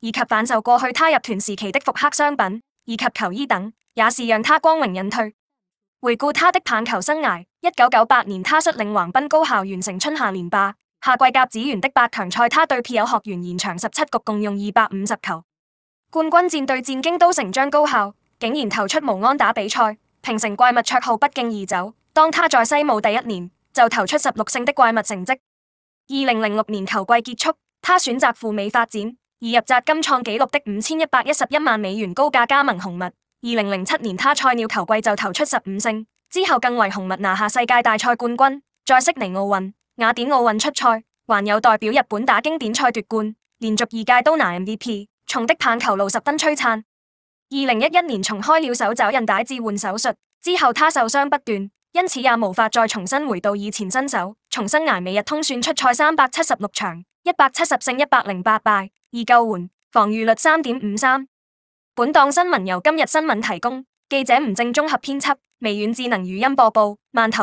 以及販售過去他入團時期的復刻商品，以及球衣等，也是讓他光榮隱退。回顧他的棒球生涯，一九九八年他率領橫濱高校完成春夏連霸，夏季甲子園的八強賽，他對 PL 學園延長十七局，共用二百五十球。冠軍戰對戰京都成章高校，竟然投出無安打比賽，平成怪物綽號不脛而走。當他在西武第一年就投出十六勝的怪物成績，二零零六年球季結束，他選擇赴美發展。而入札金創紀錄的五千一百一十一萬美元高價加盟紅襪。二零零七年，他菜鳥球季就投出十五勝，之後更為紅襪拿下世界大賽冠軍。在悉尼奧運、雅典奧運出賽，還有代表日本打經典賽奪冠，連續二屆都拿 MVP。重的棒球路十分璀璨。二零一一年，重開了手肘韌帶置換手術之後，他受傷不斷，因此也無法再重新回到以前身手。重生涯美日通算出賽三百七十六場，一百七十勝一百零八敗。易救援防禦率三點五三。本檔新聞由今日新聞提供，記者吳正綜合編輯。微軟智能語音播報，饅頭。